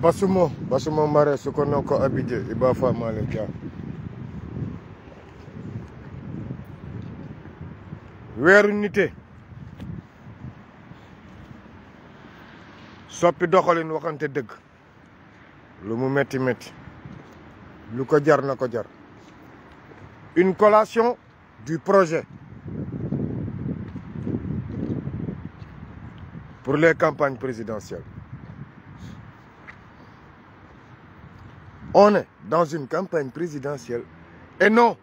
Basumo Basumo Mare su ko noo ko Abidjan Iba Fama leen jaar weeru nite soppi doxalin waxante dëgg lu mu metti metti lu ko jar na ko jar une collation du projet pour les campagne présidentielles On est dans une campagne présidentielle et non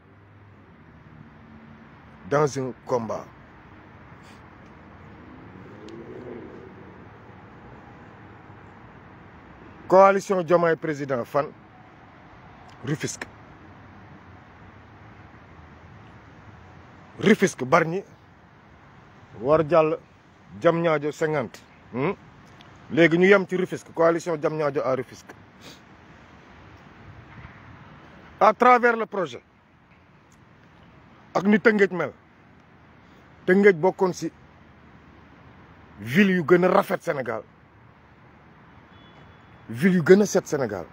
dans un combat. coalition Diomaye président fan Rufisque Rufisque Bargny war jàll Diamniadio cinquante hmm? léegi nu yem ci Rufisque coalition Diamniadio à Rufisque à travers le projet ak ni Tëngéej mel Tëngéej bokkoon si ville yu gën a rafet Sénégal ville yu gën a set Sénégal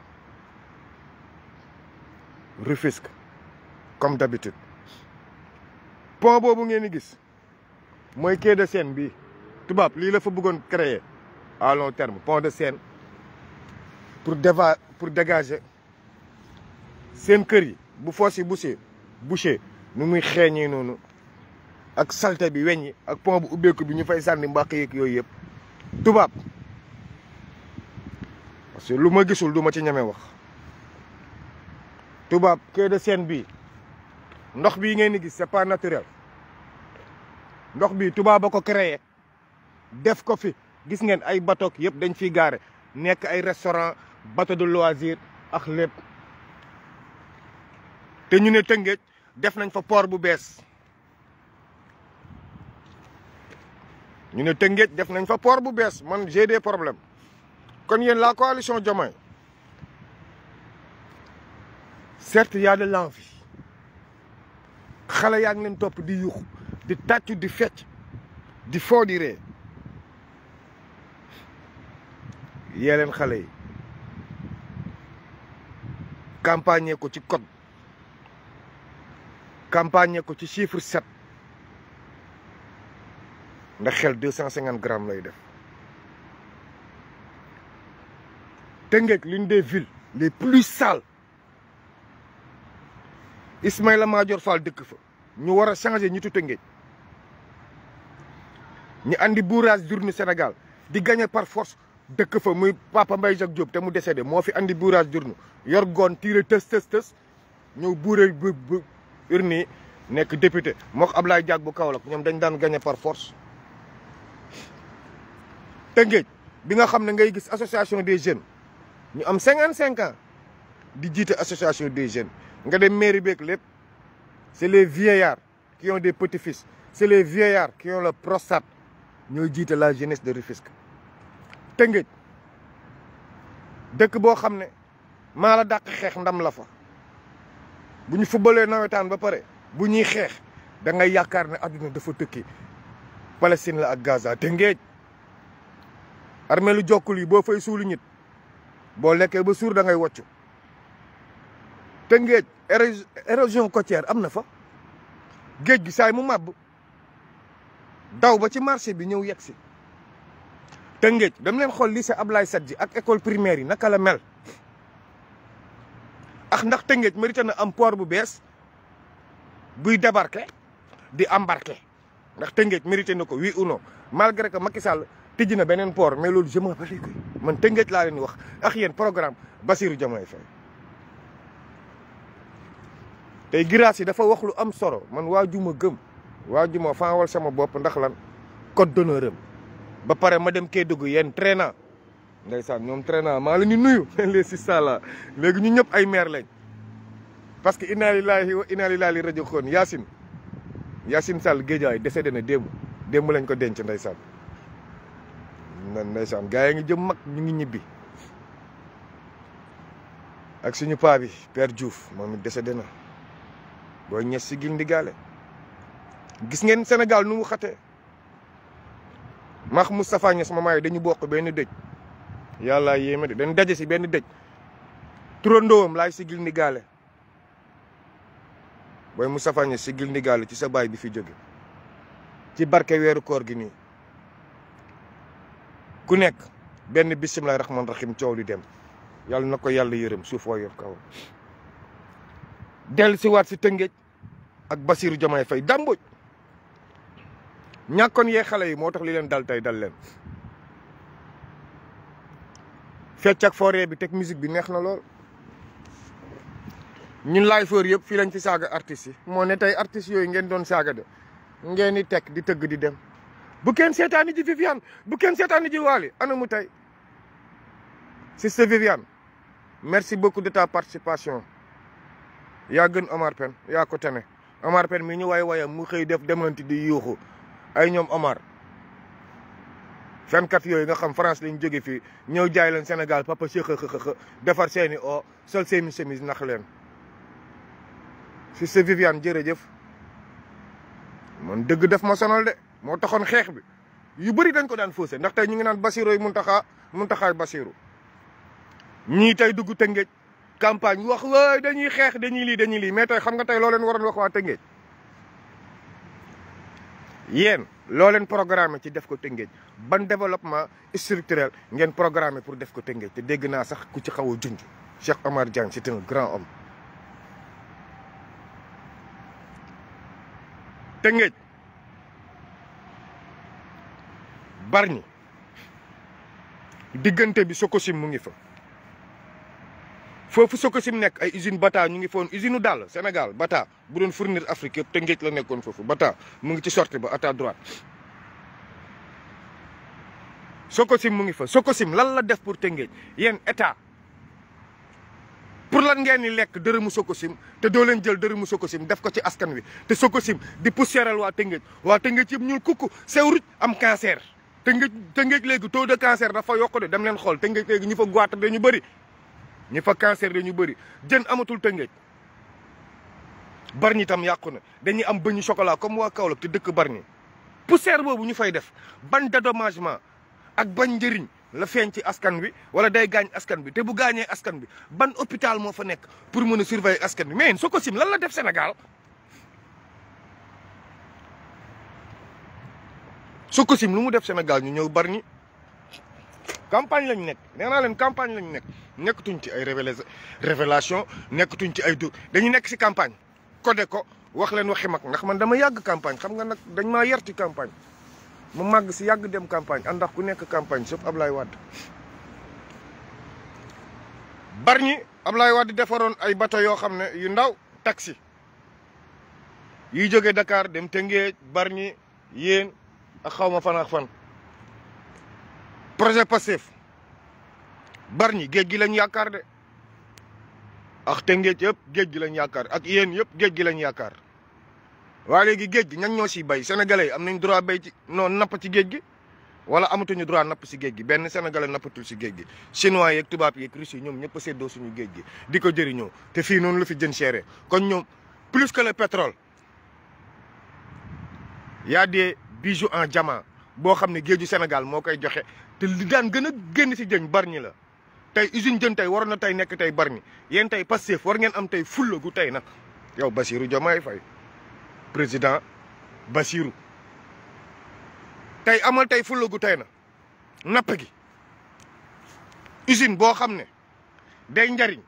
Rufisque comme d'habitude pont boobu ngeen di gis mooy quai de Seine bi tubaab lii la fa bëggoon créer à long terme pont de Seine pour déva pour dégager seen kër yi bu foos yi busee bouché nu muy xeeñee noonu ak salte bi weñi ak pont bu ubbeeku bi ñu fay sànni mbàq yeeg yooyu yëpp tubaab parce que lu ma gisul du ma ci ñeme wax tubaab quai de Seine bii ndox bii ngeen di gis c'est pas naturel ndox bi tubaab ba ko créé def ko fi gis ngeen ay bateau yëpp dañ fiy gaare nekk ay restaurant bateau de loisir ak lépp te ñu ne Tëngéej def nañ fa port bu bees ñu ne Tëngéej def nañ fa port bu bees man j'ai des problèmes kon yéen la coalition jamain certes y a de l'envie xale yaa ngi leen topp di yuxu di tàccu di fecc di foo di ree yee leen xale yi campagne ko ci code campagne ko ci chiffre sept ndax xel deux cent cinquante lay def Tëngéej l'une des villes les plus sales Ismaïla Madior Fall dëkk fa ñu war a changer ñitu Tëngéej ñu andi bourrage d'urne Sénégal di gagner par force dëkk fa muy Papa mbay Jacques Diop te mu décédé moo fi indi bourrage d'urne yor goon tës tës tës ñëw buuree urni nekk député mook abla Diack bu Kaolack ñoom dañ daan gagné par force Tëngéej bi nga xam ne ngay gis association des jeunes ñu am cinquante cinq di jiite association des jeunes nga dem mairie beeg lépp c'est les vieillards qui ont des petits-fils c'est les vieillards qui ont la prostate ñooy jiite la jeunesse de Rufisque Tëngéej dëkk boo xam ne maa la dàq xeex ndam la fa bu ñu fubalee nawetaan ba pare bu ñuy xeex dangay ngay yaakaar ne àdduna dafa tëkki Palestine la ak Gaza te ngeej armée lu jokkul yi boo fay suulu ñit boo lekkee ba suur da ngay wocc te ngeej érosion côtière am na fa géej gi saay mu màbb daw ba ci marché bi ñëw yegg si te ngeej dam leen xool lycée Ablaye Sadji ak école primaire yi naka la mel ak ndax Tëngéej mérité na am port bu bees buy débarquer di embarquer ndax Tëngéej mérité na ko oui ou non malgré que Macky na beneen port mais loolu je m'en bats man Tëngéej laa leen wax ak yéen programme Bassirou Diomaye Faye tey giraas yi dafa wax lu am solo man waa ju ma gëm waa ju ma faawal sama bopp ndax lan code d'honneur am ba pare ma dem Kédougou yéen traînant ndeysaan ñoom très bien maa la ñu nuyu les six sala léegi ñu ñëpp ay maire lañ parce que inna lillahi wa inna ilayhi raji'un Yacine Yacine Sall Guédiawaye décédé na démb démb lañ ko denc ndeysaan nan ndeysaan gars yi ngi jëm mag ñu ngi ñibbi ak suñu paa bi Père Diouf moom it na booy ñes si gindi gaale gis ngeen Sénégal nu mu xatee max Moustapha Niass mamaay dañu bokk benn dëj yàlla yéeme de dañ daje si benn dëj turandoom laay sigil ndigaale booy Moustapha Niasse sigil ndigaale ci sa baay bi fi jóge ci barke weeru koor gi nii ku nekk benn bisimilah rahman rahim coow li dem yàlla na ko yàlla yërëm suuf waa yor kaw del si waat si tëngéej ak Basiru Jomaay Fay dàmbuj ñàkkoon yee xale yi moo tax li leen dal tey dal leen fecc ak forêt bi teg musique bi neex na lool ñun laay foor yëpp fii lañ fi saaga artistes yi moo ne tey artistes yooyu ngeen doon saaga de ngeen i teg di tëgg di dem bu kenn seetaani ji Viviane bu kenn seetaani ji Waly ana mu tey sister Viviane merci beaucoup de ta participation yaa gën Omar Pène yaa ko tene Omar Pène mi ñu way wayam mu xëy def demanti di yuuxu ay ñoom Omar fenkat yooyu nga xam France lañ jóge fii ñëw jaay leen Sénégal papa xë defar seeni o sol seeni chemise nax leen si sa jërëjëf man dëgg def ma sonal de moo taxoon xeex bi yu bëri dañ ko daan faussé ndax tey ñu ngi naan Bassirou yi Mountakha Mountakha Bassirou ñii tey dugg Tëngéej campagne wax waay dañuy xeex dañuy lii dañuy lii mais tey xam nga tey loo leen waroon wax waa Tëngéej yéen looleen leen programme ci def ko tëngeej ban développement structurel ngeen programme pour def ko tëngeej te dégg naa sax ku ci xaw a junj Cheikh Omar ci c'est un grand homme tëngeej Bargny diggante bi soo ko Sococim mu ngi fa foofu soo ko sim nekk ay usine Bata ñu ngi foon usine daal Sénégal Bata bu doon fournir Afrique yëpp te ngéej la nekkoon foofu Bata mu ngi ci sortie ba ata droite Sococim mu ngi fa Sococim lan la def pour Tëngéej yéen état pour lan ngeen ni lekk dërëmu Sococim te doo leen jël dërëmu Sococim def ko ci askan wi te Sococim di poussiéral waa Tëngéej waa Tëngéej yëpp ñuul kukku sew ruj am cancer. Tëngéej Tëngéej léegi taux de cancer dafa yokk de dem leen xool Tëngéej léegi ñu fa goiat dañu bëri ñi fa cancer dañu bëri jën amatul tëngeej Bargny tam yàqu na dañuy am bëñu chocolat comme waa Kaolack te dëkk bari Bargny poussière boobu ñu fay def ban dédommagement ak bañ njëriñ la feeñ ci askan bi wala day gaañ askan bi te bu gaañee askan bi ban hôpital moo fa nekk pour mën a surveiller askan bi mais Sococim lan la def Sénégal Sococim lu mu def Sénégal ñu ñëw Bargny campagne lañ nekk nee leen campagne lañ nekk nekkatuñ ci ay révélation nekkatuñ ci ay du dañu nekk si campagne codé ko wax leen waxi mag ndax man dama yàgg campagne xam nga nag dañ maa yar ci campagne mu màgg si yàgg dem campagne ndax ku nekk campagne sëpp Ablaye Wade Bargny Ablaye Wade defaroon ay bateau yoo xam ne yu ndaw taksi yuy jóge Dakar dem te Tëngéej Bargny yéen ak xaw ma fan ak fan projet bar ñi géej gi lañ yaakaar de ak Tëngéej yëpp géej gi lañ yaakaar ak yéen yëpp géej gi lañ yaakaar waa léegi géej gi ñan ñoo siy bay sénégalais yi am nañ droit bay noonu non napp ci géej gi wala amatuñu droit napp si géej gi benn sénégalais nappatul si géej gi chinois yeeg tubaab yeeg russe yi ñoom ñëpp a séddoo suñu géej gi di ko jëriñoo te fii noonu la fi jën chéré kon ñoom plus que le pétrole y a des bijoux en diamant boo xam ne géeju Sénégal moo koy joxe te li daan gën a génn si jën Bargny la tey usine jën tey waroon na tey nekk tey Bargny yéen tey Pastef war ngeen am tey fulla gu tey na yow Bassirou Diomaye Faye président bassiru tey amal tey fulla gu tey na napp gi usine boo xam ne day njariñ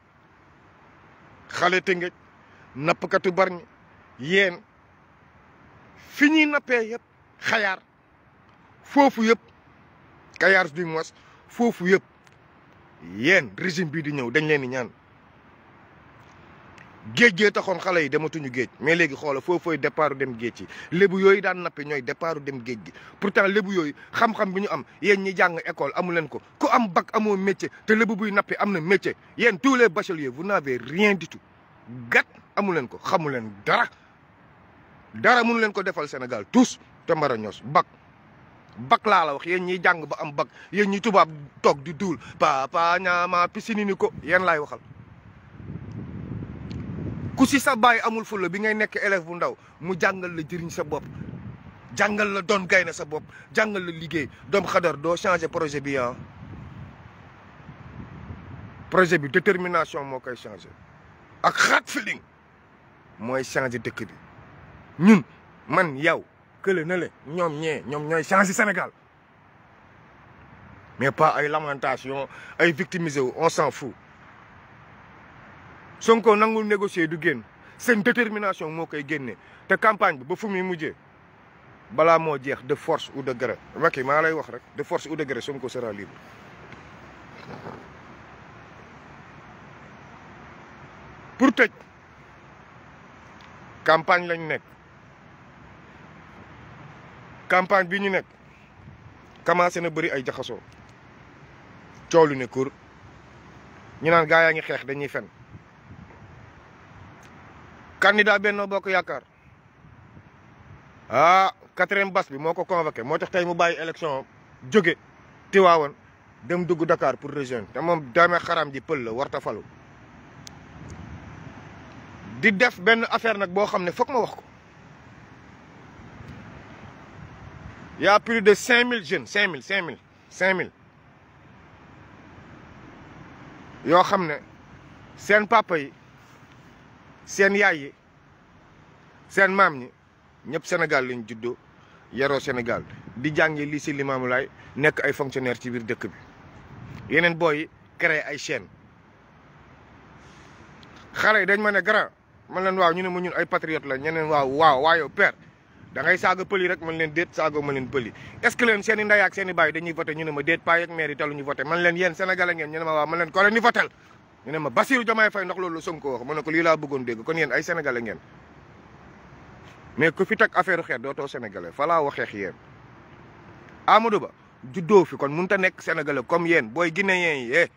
xale Tëngéej nappkatu Bargny yéen fi ñuy nappee yëpp xayaar foofu yëpp Kayar du moins foofu yëpp yéen régime bii di ñëw dañ leen di ñaan géej gee taxoon xale yi dematuñu géej mais léegi xoola foofooy départu dem géej ci lébu yooyu daan nappi ñooy départu dem géej gi pourtant lébu yooyu xam-xam bi ñu am yéen ñi jàng école amu leen ko ku am bac amoo métier te lébu buy nappi am na métier yéen tous les bacheliers vous n'avez rien du tout gat amu leen ko xamu leen dara dara mënu leen ko defal Sénégal tous te mbara ñoos bac bac laa la wax yéen ñiy jàng ba am bag yéen ñi tubaab toog di duul papa ñaama pisini ni ko yéen laay waxal ku si sa baay amul fulla bi ngay nekk élève bu ndaw mu jàngal la jëriñ sa bopp jàngal la doon gaynde sa bopp jàngal la liggéey doom xadar doo changer projet bi ah projet bi détermination moo koy changer ak xat feeling mooy changer dëkk bi ñun man yow kële na le ñoom ñee ñoom ñooy changé Sénégal mais pas ay lamentation ay victimisé wu on s'en fout Sonko nangul négocier du génn seen détermination moo koy génne te campagne bi ba fu muy mujjee balaa moo jeex de force u de gré Macky maa lay wax rek de force u de gré Sonko sera libre pour tëj campagne lañ nekk campagne bi ñu nekk commencé na bëri ay jaxasoo coow lu ne kur ñu naan gaa yaa ngi xeex dañuy fen candidat benn Bokk Yaakaar ah quatrième bas bi moo ko convoqué moo tax tey mu bàyyi élection jóge Tiwaawan dem dugg dakaar pour rejoindre te moom damee xaram ji pël la warta falu di def benn affaire nag boo xam ne foog ma wax ko Il y a plus de 5000 jeunes 5000 5000 5000 yoo xam ne seen papa yi seen yaay yi seen maam ñi ñëpp Sénégal lañ juddoo yaroo Sénégal di jàngi lycée Limamou Laye nekk ay fonctionnaire ci biir dëkk bi yeneen booy yi ay chaîne xale yi dañ ma ne gara man leen waaw ñu ne ma ñun ay patriote la ñeneen waaw waaw waayo père da ngay saaga pëli rek man leen déet saago ma leen pëli est ce que leen seen i ndey ak seen i baay dañuy voté ñu ne ma déet paa yeeg maire yi taluñu voté man leen yéen sénégalais ngeen ñu ne ma waaw man leen ko leen di votel ñu ne ma Bassirou Diomaye Faye ndax loolu Sonko wax ma ne ko lii laa bëggoon dégg kon yéen ay sénégalais ngeen mais ku fi teg affaire xeet dootoo sénégalais fa laa waxeex yéen Amadou Ba juddoo fi kon mënut a nekk sénégalais comme yéen booy guinéen yi eh.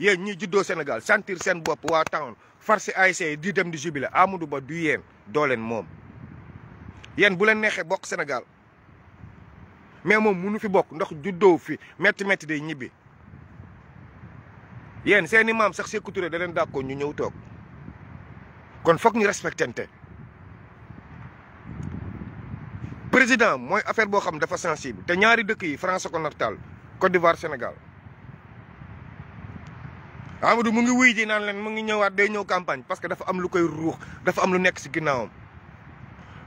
yéen ñi juddoo Sénégal sentir seen bopp waa town far si ASC e di dem di Ba du yéen dooleen moom yéen bu leen neexee bokk Sénégal mais moom munu fi bokk ndox juddoo fi métti mett day ñibbi yéen seeni maam sax Sékou Touré da leen dàkkoon ñu ñëw toog kon foog ñu respectante président mooy affaire boo xam dafa sensible te ñaari dëkk yi France ko naftaal Côte d'Ivoire Sénégal Amadou mu ngi wuy ji naan leen mu ngi ñëwaat day ñëw campagne parce que dafa am lu koy ruux dafa am lu nekk ci ginnaawam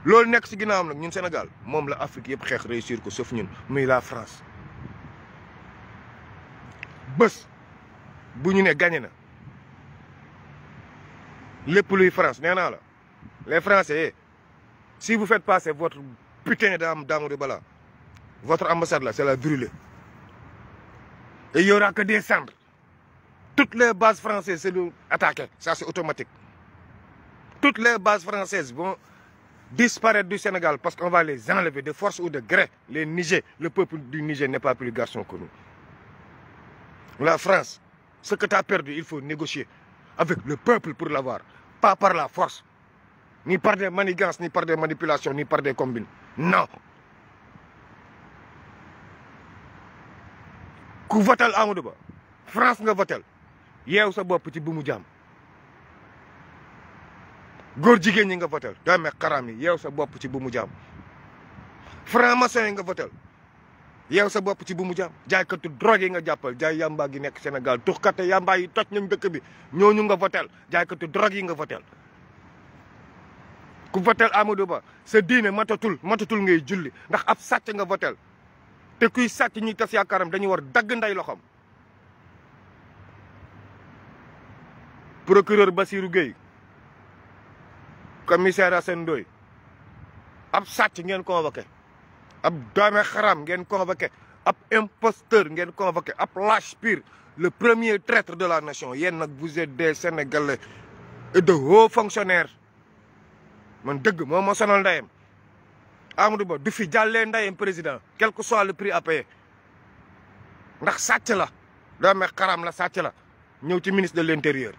loolu nekk si ginnaawam nag ñun Sénégal moom la Afrique yëpp xeex réussir ko sauf ñun muy la France bés bu ñu ne gagné na lépp luy France nee naa la les Français si vous faites passer votre putain d'âme d'amour bala votre ambassade là c'est la brûlée e il que des cendres toutes les bases françaises c'est attaqué ça c'est automatique toutes les bases françaises vont disparaître du Sénégal parce qu'on va les enlever de force ou de gré. Les Niger, le peuple du Niger n'est pas plus garçon que nous. La France, ce que tu perdu, il faut négocier avec le peuple pour l'avoir. Pas par la force, ni par des manigances, ni par des manipulations, ni par des combines. Non. Ku votel Amadou Ba France nga votel yeew sa bopp ci bu mu jaam góor jigéen ñi nga votel doomi xaram yi yow sa bopp ci bu mu jaam franc yi nga votel yow sa bopp ci bu mu jaam jaaykatu drogue yi nga jàppal jaay yamba gi nekk Sénégal tuxkate yamba yi toj nañ dëkk bi ñooñu nga votel jaaykatu drogue yi nga votel ku votel Amadou Ba sa diine matatul matatul ngay julli ndax ab sàcc nga votel te kuy sàcc ñuy tas yaakaaram dañu war dagg nday loxom procureur Bassirou Gueye commissaire Assane Ndoye ab sàcc ngeen convoqué ab doome xaram ngeen convoqué ab imposteur ngeen convoqué ab lâche pire le premier traitre de la nation yéen nag vous êtes des sénégalais et de hauts fonctionnaires man dëgg moo ma sonal ndayem Amadou Ba du fi jàllee ndayem président quel que soit le prix à payer ndax sàcc la doome karam la sàcc la ñëw ci ministre de l'intérieur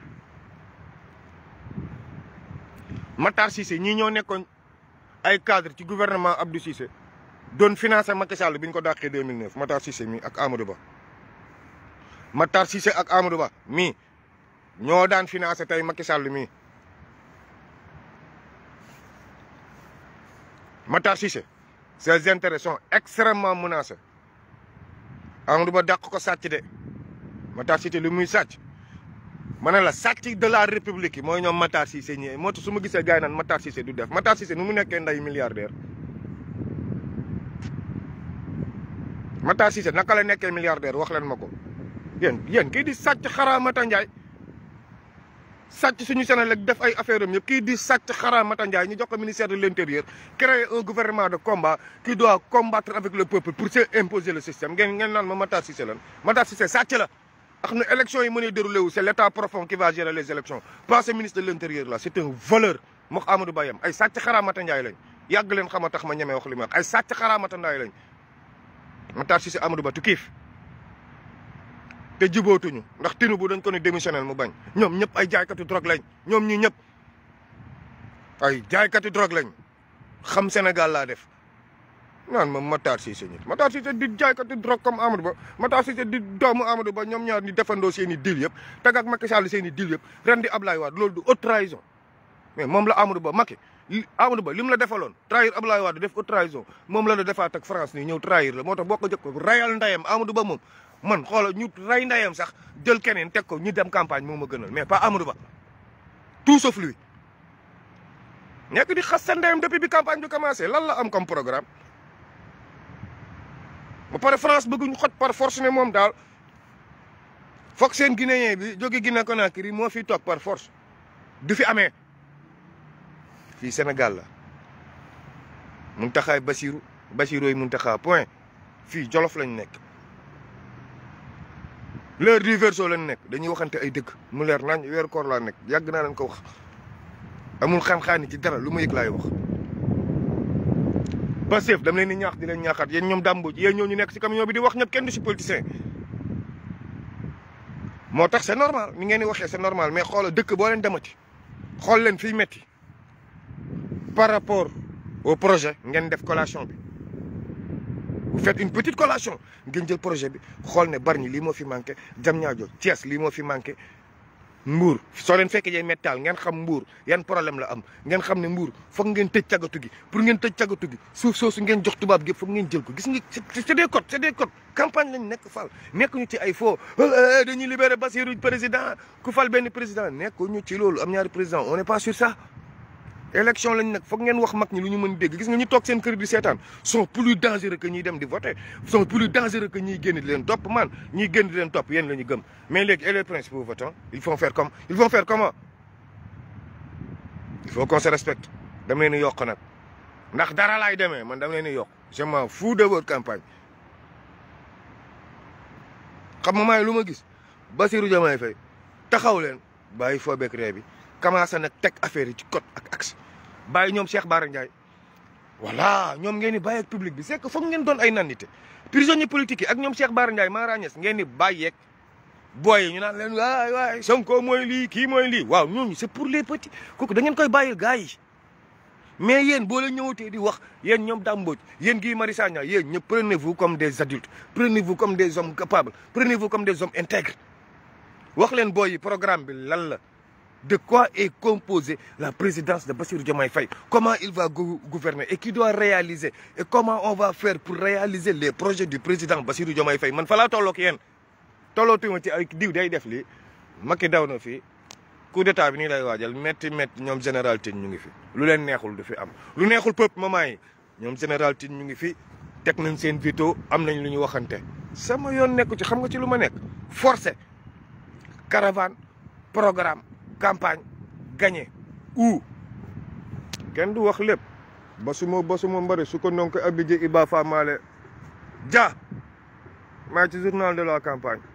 Matar Cissé ñii ñoo nekkoon ay cadre ci gouvernement Abdou Cissé doon financé Macky Sall bi ñu ko dàqee 2009 Matar Cissé mii ak Amadou Ba. Matar Cissé ak Amadou Ba mii ñoo daan financé tey Macky Sall mii Matar Cissé ses intérêts sont extrêmement menacés Amadou Ba dàq ko sàcc de Matar Cissé lu muy sàcc. ma ne la sàcc de la république mooy ñoom Matar Cissé ñëwee moo tax su ma gisee gars yi naan Matar Cissé du def Matar Cissé nu mu nekkee nday milliardaire. Matar Cissé naka la nekkee milliardaire wax leen ma ko yéen yéen kii di sàcc xaraa Mata Ndiaye sàcc suñu Senelec def ay affaire am kii di sàcc xaraa Mata Ndiaye ñu jox ko ministère de l' intérieur créer un gouvernement de combat qui doit combattre avec le peuple pour se imposer le système ngeen ngeen naan lan Matar Cissé la. xam ne élection yi mënee déroulé wu c' est l' état profond qui va gérer les élections pas ce ministre de l' intérieur là c' est un voleur mook Amadou yam ay sàcc xaraamata njaay lañ yàgg leen xama tax ma ñemee wax li ma wax ay sàcc xaraamata njaay lañ Matar Cissé Amadou Ba tu kiif te jubootuñu ndax bu dañ ko ne démissionnel mu bañ ñoom ñëpp ay jaaykatu drogue lañ ñoom ñi ñëpp ay jaaykatu drogue lañ xam Sénégal laa def naan ma Matar Cissé ñi Matar Cissé di jaaykatu drogue comme Amadou Ba Matar Cissé di doomu Amadou Ba ñoom ñaar ni defandoo seen i deal yëpp teg ak Macky Sall seen i deal yëpp ren di Ablaye du haute trahison mais moom la Amadou Ba Macky Amadou Ba li mu la defaloon trahir Ablaye Wade def haute trahison moom la la defaat ak France nii ñëw trahir la moo tax boo ko jëkk rayal ndayam Amadou Ba moom man xoola ñu ray ndayam sax jël keneen teg ko ñu dem campagne moo ma gënal mais pas Amadou Ba tout sauf lui nekk xas sa ndeyam depuis bi campagne bi commencé lan la am comme ba pare France bëgguñu xoj par force ne moom daal foog seen guinéen bi jóge Guinée Conakry moo fi toog par force du fi amee fii Sénégal la taxaay Basiru Basiru yi Muntaxaa point fii Jolof lañu nekk l'heure du verseau lañ nekk dañuy waxante ay dëkk mu leer nañ weer koor laa nekk yàgg naa leen ko wax amul xam ni ci dara lu ma yëg laay wax Pastef dama leen di ñaax di leen ñaaxaat yéen ñoom Dame Mbodj yéen ñoo ñu nekk ci camion bi di wax ñëpp kenn du politicien moo tax c'est normal ni ngeen di waxee c'est normal mais xoolal dëkk boo leen demati xool leen fiy metti par rapport au projet ngeen def collation bi vous fet une petite collation ngeen jël projet bi xool ne Bargny lii moo fi manqué Diamniadio Thiès lii moo fi manqué mbuur soo leen fekkee jee méttal ngeen xam mbuur yan problème la am ngeen xam ne mbuur foog ngeen tëj cagatu gi pour ngeen tëj cagatu gi suuf soosu ngeen jox tubaab gi foog ngeen jël ko gis nga c'est des codes c'est des campagne lañ nekk fal nekkuñu ci ay foo faux oh, eh, eh, dañuy libérer Bassirou président ku fal benn président nekk ñu ci loolu am ñaari président on n'est pas sur ça élection lañ nag foog ngeen wax mag ñi lu ñu mën dégg gis nga ñu toog seen kër di seetaan sont plus dangereux que ñuy dem di voter sont plus dangereux que ñuy génn di leen topp man ñuy génn di leen topp yéen la ñu gëm mais léegi et les principaux votants ils vont faire comme ils vont faire comment il faut qu'on se respecte dama leen di yokk nag ndax dara laay demee man dama leen di yokk je m'en fous de votre campagne xam nga lu ma gis Bassirou Diomaye Faye taxaw leen bàyyi foo beeg ree bi commencé nag teg affaire yi ci code ak bàyyi ñoom Cheikh Bara Ndiaye voilà ñoom ngeen di bàyyi ak public bi c'est que foog ngeen doon ay nandite prisonniers politiques yi ak ñoom Cheikh Bara Ndiaye Mara Niass ngeen di bàyyi ak booy yi ñu naan leen waay waay Sonko mooy lii kii mooy lii waaw ñooñu c'est pour les petits kooku da ngeen koy bàyyil gars yi mais yéen boo la ñëwatee di wax yéen ñoom dàmbooj yéen Guy Marius Sagna yéen ñëpp prenez-vous comme des adultes prenez-vous comme des hommes capables prenez-vous comme des hommes intègres wax leen booy yi programme bi lan la de quoi est composée la présidence de Bassirou Diomaye fay Comment il va gouverner et qui réaliser Et comment on va faire pour réaliser les projets du président Bassirou Diomaye fay man fa laa tolloo ak yéen tollootuma ci ay diw day def lii maki daw na fii coup d'état bi nii lay waajal métti métti ñoom général Tine ngi fi lu leen neexul du fi am lu neexul peuple moment yi ñoom général Tine ngi fi teg nañ seen veto am nañ lu ñu waxante sama yoon nekku ci xam nga ci lu ma nekk forcé caravane programme campagne gagné ou kenn du wax lépp basuma basuma mbari su ko nonk abidje Iba Famaale Dia maa ci journal de la campagne